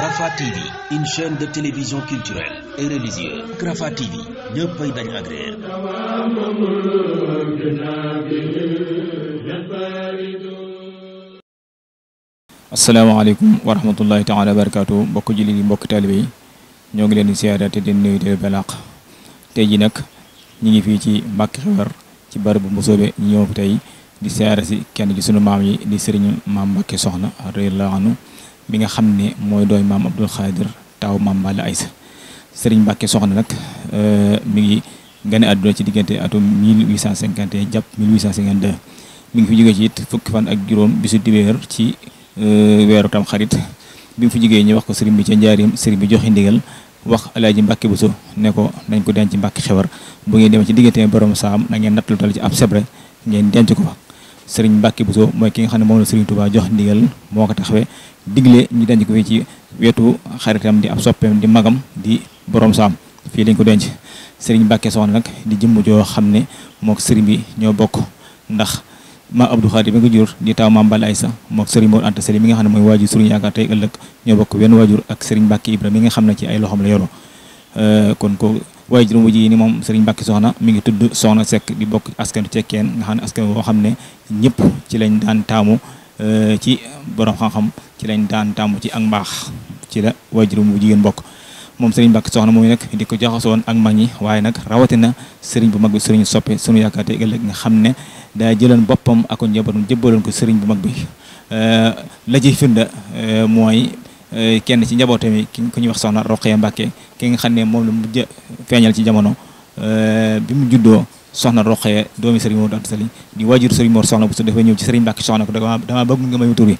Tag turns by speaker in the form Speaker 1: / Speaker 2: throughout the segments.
Speaker 1: Rafah TV une chaîne de télévision culturelle et religieuse Rafah TV ñëppay dañ agréer asalaamaaleykum wa rahmatullahi taala wa barakaatu mbokk jullit yi mbokk taalibe yi ñoo ngi leen di siyaare te di nuyu di belaq tey ji nag ñu ngi fii ci Mbàkke Xewar ci barab bu Mbusoobe ñëw tey di siyaare si kenn ci sunu maam yi di sëriñ maam Mbàkke Soxna radiyallaahu anhu mi nga xam ne mooy dooy maam Abdul Xaadir taw maam Balla Aysa sëriñ Mbàkke Soxna nag euh, mi ngi gane àdduna ci diggante atum 1851 jàpp 1852 mi ngi fi jóge ci it fukki fan ak juróom bisu dibéer ci euh, weeru tam xarit bi mu fi jógee ñu wax ko sëriñ bi ca njaarim sëriñ bi joxe ndigal wax alaaji mbàkke buso ne ko dañ ko denc mbàkke xewar bu ngeen demee ci diggante borom saam na ngeen natt lu tal ci ab sebre ngeen denc ko fa sëriñ mbàkke so mooy ki nga xam ne moom la sëriñ Tuubaa jox ndigal moo ko taxawee digle ñu denc ko fii ci wetu xaritam di ab soppeem di magam di boroom saam fii dañ ko denc sëriñ mbàkke soxna nag di jëmm joo xam ne mook sëriñ bi ñoo bokk ndax maam Abdou Khadim mi nga jur di taaw maam Balla Aïssa mook Serigne Mor Anta Sali mi nga xam ne mooy waajur suñu yaakaar tey ëllëg bokk wenn waajur ak Serigne Mbacke Ibra mi nga xam ne ci ay loxoom la yoroo euh, kon ko waaye juróom ji ni moom Serigne Mbacke Soxna mi ngi tudd Soxna Seck di bokk askanu cekkeen nga xam ne askan woo xam ne ñëpp ci lañ daan taamu euh, ci borom xam-xam ci lañ daan taamu ci ak mbaax ci la waaye juróom bu jigéen bokk moom sëriñ Mbàkke Soxna mooy nag di ko jaxasoon ak mag ñi waaye nag rawatina sëriñ bu mag bi sëriñ soppe sunu yaakaar te ëllëg nga xam ne daa jëloon boppam ak njabootam jëbbaloon ko sëriñ bu mag bi euh, la ci firnde euh, mooy euh, kenn ci njabootam yi ki ku ñuy wax soxna Roqaya Mbàkke ki nga xam ne moom la mujj feeñal ci jamono bi mu juddoo soxna Roqaya doomi sëriñ Mor Anta Sali di waajur sëriñ Mor soxna bu su defee ñëw ci sëriñ Mbàkke soxna ko dama bëgg nga may tur bi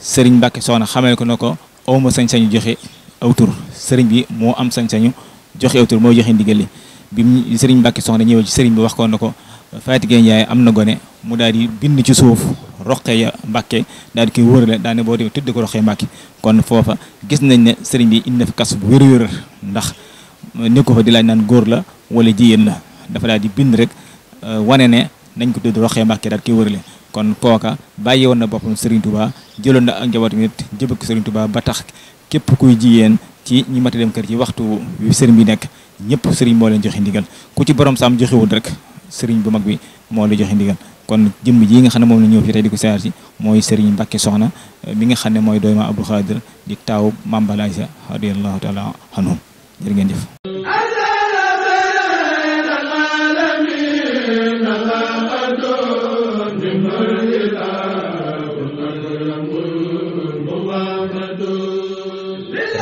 Speaker 1: sëriñ Mbàkke soxna xamee ko na ko awma sañ-sañu joxe aw tur sëriñ bi moo am sañ-sañu joxe aw tur moo joxe ndigal li bi sëriñ Mbàkke soxna ñëwee ci sëriñ bi wax koo na ko Faati Gaye Njaay am na gone mu daal di bind ci suuf roqe ya Mbàkke daal di koy wërale boo dee tudd ko roqe Mbàkke kon foofa gis nañ ne sëriñ bi indi na kas bu wér-wér ndax nekku fa di laaj naan góor la wala jigéen la dafa daal di bind rek euh, wane ne nañ ko tudd roqe Mbàkke daal koy wërale kon kooka bàyyi woon na boppam Serigne Touba jëloon na ak njabootam it jëbal ko Serigne Touba ba tax képp kuy jigéen ci ñi a dem kër ci waxtu wi sëriñ bi nekk ñëpp sëriñ moo leen joxe ndigal ku ci borom saam joxewul rek sëriñ bu mag bi moo la joxe ndigal kon jëmm ji nga xam ne moom la ñëw fi tey di ko siyaar si mooy sëriñ Mbàkke Soxna eh, mi nga xam ne mooy doomu Abdou Khadir di taawu Maam Balla Aïssa radiyallahu taala anhum jërë ngeen jëf